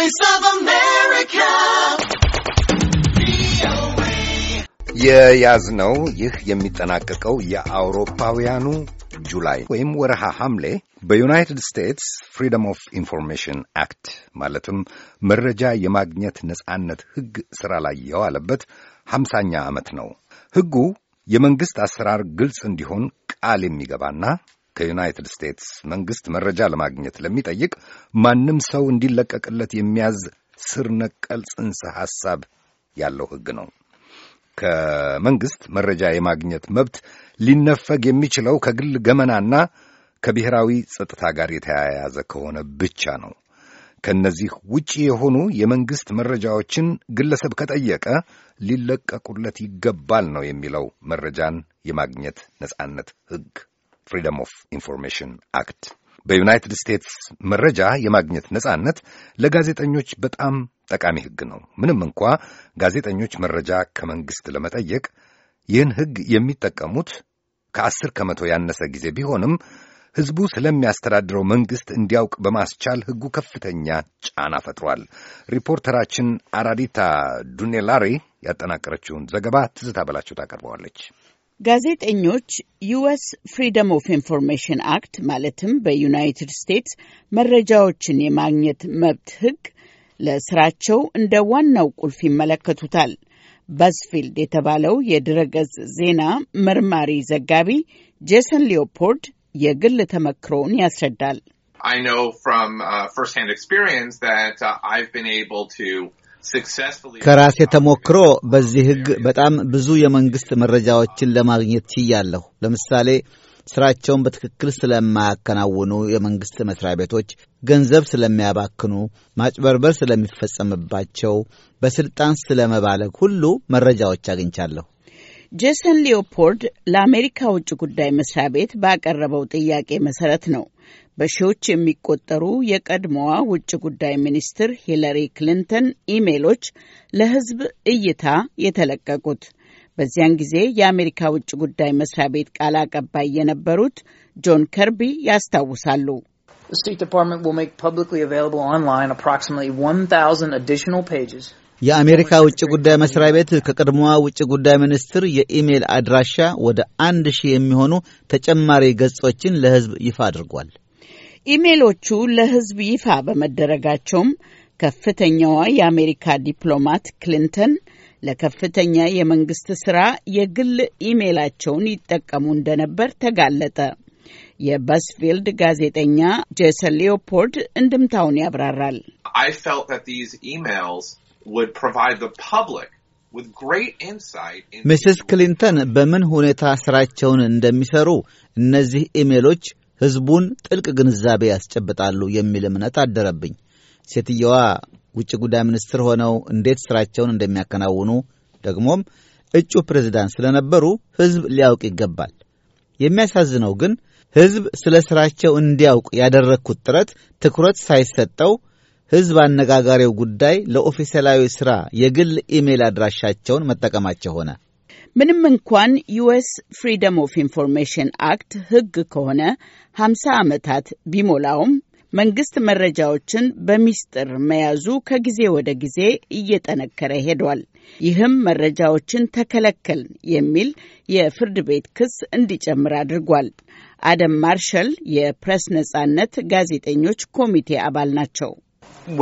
Voice of America. የያዝነው ይህ የሚጠናቀቀው የአውሮፓውያኑ ጁላይ ወይም ወረሃ ሐምሌ በዩናይትድ ስቴትስ ፍሪደም ኦፍ ኢንፎርሜሽን አክት ማለትም መረጃ የማግኘት ነጻነት ሕግ ሥራ ላይ የዋለበት ሐምሳኛ ዓመት ነው። ሕጉ የመንግሥት አሰራር ግልጽ እንዲሆን ቃል የሚገባና ከዩናይትድ ስቴትስ መንግሥት መረጃ ለማግኘት ለሚጠይቅ ማንም ሰው እንዲለቀቅለት የሚያዝ ስር ነቀል ጽንሰ ሐሳብ ያለው ሕግ ነው። ከመንግሥት መረጃ የማግኘት መብት ሊነፈግ የሚችለው ከግል ገመናና ከብሔራዊ ጸጥታ ጋር የተያያዘ ከሆነ ብቻ ነው። ከእነዚህ ውጪ የሆኑ የመንግሥት መረጃዎችን ግለሰብ ከጠየቀ ሊለቀቁለት ይገባል ነው የሚለው መረጃን የማግኘት ነጻነት ሕግ። ፍሪደም ኦፍ ኢንፎርሜሽን አክት በዩናይትድ ስቴትስ መረጃ የማግኘት ነጻነት ለጋዜጠኞች በጣም ጠቃሚ ሕግ ነው። ምንም እንኳ ጋዜጠኞች መረጃ ከመንግሥት ለመጠየቅ ይህን ሕግ የሚጠቀሙት ከአስር ከመቶ ያነሰ ጊዜ ቢሆንም ሕዝቡ ስለሚያስተዳድረው መንግሥት እንዲያውቅ በማስቻል ሕጉ ከፍተኛ ጫና ፈጥሯል። ሪፖርተራችን አራዲታ ዱኔላሬ ያጠናቀረችውን ዘገባ ትዝታ በላቸው ታቀርበዋለች። ጋዜጠኞች ዩኤስ ፍሪደም ኦፍ ኢንፎርሜሽን አክት ማለትም በዩናይትድ ስቴትስ መረጃዎችን የማግኘት መብት ሕግ ለስራቸው እንደ ዋናው ቁልፍ ይመለከቱታል። ባዝፊልድ የተባለው የድረገጽ ዜና መርማሪ ዘጋቢ ጄሰን ሊዮፖልድ የግል ተመክሮውን ያስረዳል። I know from uh, firsthand experience that uh, I've been able to ከራሴ ተሞክሮ በዚህ ሕግ በጣም ብዙ የመንግሥት መረጃዎችን ለማግኘት ችያለሁ። ለምሳሌ ስራቸውን በትክክል ስለማያከናውኑ የመንግሥት መሥሪያ ቤቶች፣ ገንዘብ ስለሚያባክኑ፣ ማጭበርበር ስለሚፈጸምባቸው፣ በሥልጣን ስለመባለግ ሁሉ መረጃዎች አግኝቻለሁ። ጄሰን ሊዮፖልድ ለአሜሪካ ውጭ ጉዳይ መስሪያ ቤት ባቀረበው ጥያቄ መሠረት ነው በሺዎች የሚቆጠሩ የቀድሞዋ ውጭ ጉዳይ ሚኒስትር ሂለሪ ክሊንተን ኢሜሎች ለሕዝብ እይታ የተለቀቁት በዚያን ጊዜ የአሜሪካ ውጭ ጉዳይ መስሪያ ቤት ቃል አቀባይ የነበሩት ጆን ከርቢ ያስታውሳሉ። የአሜሪካ ውጭ ጉዳይ መስሪያ ቤት ከቀድሞዋ ውጭ ጉዳይ ሚኒስትር የኢሜል አድራሻ ወደ አንድ ሺህ የሚሆኑ ተጨማሪ ገጾችን ለሕዝብ ይፋ አድርጓል። ኢሜሎቹ ለሕዝብ ይፋ በመደረጋቸውም ከፍተኛዋ የአሜሪካ ዲፕሎማት ክሊንተን ለከፍተኛ የመንግስት ስራ የግል ኢሜላቸውን ይጠቀሙ እንደነበር ተጋለጠ። የበስፊልድ ጋዜጠኛ ጄሰን ሊዮፖልድ እንድምታውን ያብራራል። ሚስስ ክሊንተን በምን ሁኔታ ስራቸውን እንደሚሰሩ እነዚህ ኢሜሎች ሕዝቡን ጥልቅ ግንዛቤ ያስጨብጣሉ የሚል እምነት አደረብኝ። ሴትየዋ ውጭ ጉዳይ ሚኒስትር ሆነው እንዴት ስራቸውን እንደሚያከናውኑ ደግሞም እጩ ፕሬዝዳንት ስለነበሩ ሕዝብ ሊያውቅ ይገባል። የሚያሳዝነው ግን ሕዝብ ስለ ሥራቸው እንዲያውቅ ያደረግኩት ጥረት ትኩረት ሳይሰጠው ሕዝብ አነጋጋሪው ጉዳይ ለኦፊሴላዊ ሥራ የግል ኢሜይል አድራሻቸውን መጠቀማቸው ሆነ። ምንም እንኳን ዩኤስ ፍሪደም ኦፍ ኢንፎርሜሽን አክት ሕግ ከሆነ ሀምሳ ዓመታት ቢሞላውም መንግስት መረጃዎችን በሚስጥር መያዙ ከጊዜ ወደ ጊዜ እየጠነከረ ሄዷል። ይህም መረጃዎችን ተከለከል የሚል የፍርድ ቤት ክስ እንዲጨምር አድርጓል። አደም ማርሻል የፕሬስ ነጻነት ጋዜጠኞች ኮሚቴ አባል ናቸው።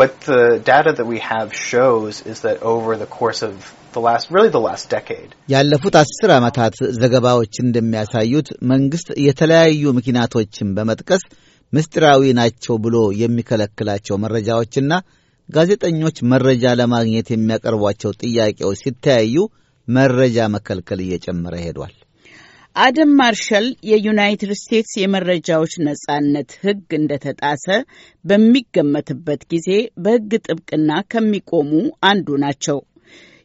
What the data that we have shows is that over the course of the last really the last decade ያለፉት አስር ዓመታት ዘገባዎች እንደሚያሳዩት መንግስት የተለያዩ ምክንያቶችን በመጥቀስ ምስጢራዊ ናቸው ብሎ የሚከለክላቸው መረጃዎችና ጋዜጠኞች መረጃ ለማግኘት የሚያቀርቧቸው ጥያቄዎች ሲተያዩ መረጃ መከልከል እየጨመረ ሄዷል። አደም ማርሻል የዩናይትድ ስቴትስ የመረጃዎች ነጻነት ሕግ እንደተጣሰ በሚገመትበት ጊዜ በሕግ ጥብቅና ከሚቆሙ አንዱ ናቸው።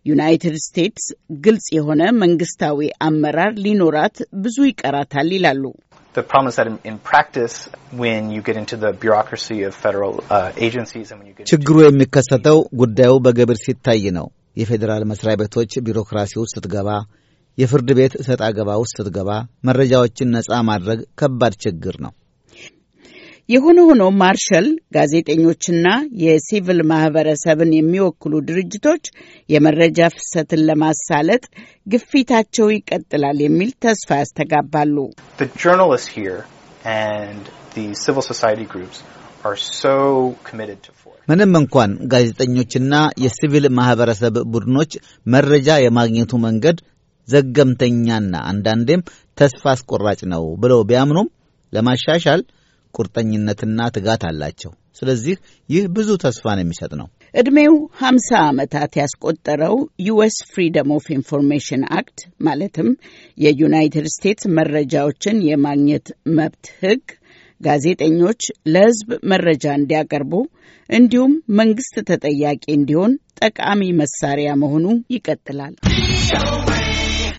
ዩናይትድ ስቴትስ ግልጽ የሆነ መንግስታዊ አመራር ሊኖራት ብዙ ይቀራታል ይላሉ። uh, ችግሩ የሚከሰተው ጉዳዩ በግብር ሲታይ ነው። የፌዴራል መስሪያ ቤቶች ቢሮክራሲ ውስጥ ስትገባ የፍርድ ቤት እሰጥ አገባ ውስጥ ስትገባ መረጃዎችን ነፃ ማድረግ ከባድ ችግር ነው። የሆነ ሆኖ ማርሻል ጋዜጠኞችና የሲቪል ማህበረሰብን የሚወክሉ ድርጅቶች የመረጃ ፍሰትን ለማሳለጥ ግፊታቸው ይቀጥላል የሚል ተስፋ ያስተጋባሉ። ምንም እንኳን ጋዜጠኞችና የሲቪል ማህበረሰብ ቡድኖች መረጃ የማግኘቱ መንገድ ዘገምተኛና አንዳንዴም ተስፋ አስቆራጭ ነው ብለው ቢያምኑም ለማሻሻል ቁርጠኝነትና ትጋት አላቸው። ስለዚህ ይህ ብዙ ተስፋን የሚሰጥ ነው። ዕድሜው 50 ዓመታት ያስቆጠረው ዩኤስ ፍሪደም ኦፍ ኢንፎርሜሽን አክት ማለትም የዩናይትድ ስቴትስ መረጃዎችን የማግኘት መብት ሕግ ጋዜጠኞች ለሕዝብ መረጃ እንዲያቀርቡ እንዲሁም መንግስት ተጠያቂ እንዲሆን ጠቃሚ መሳሪያ መሆኑ ይቀጥላል።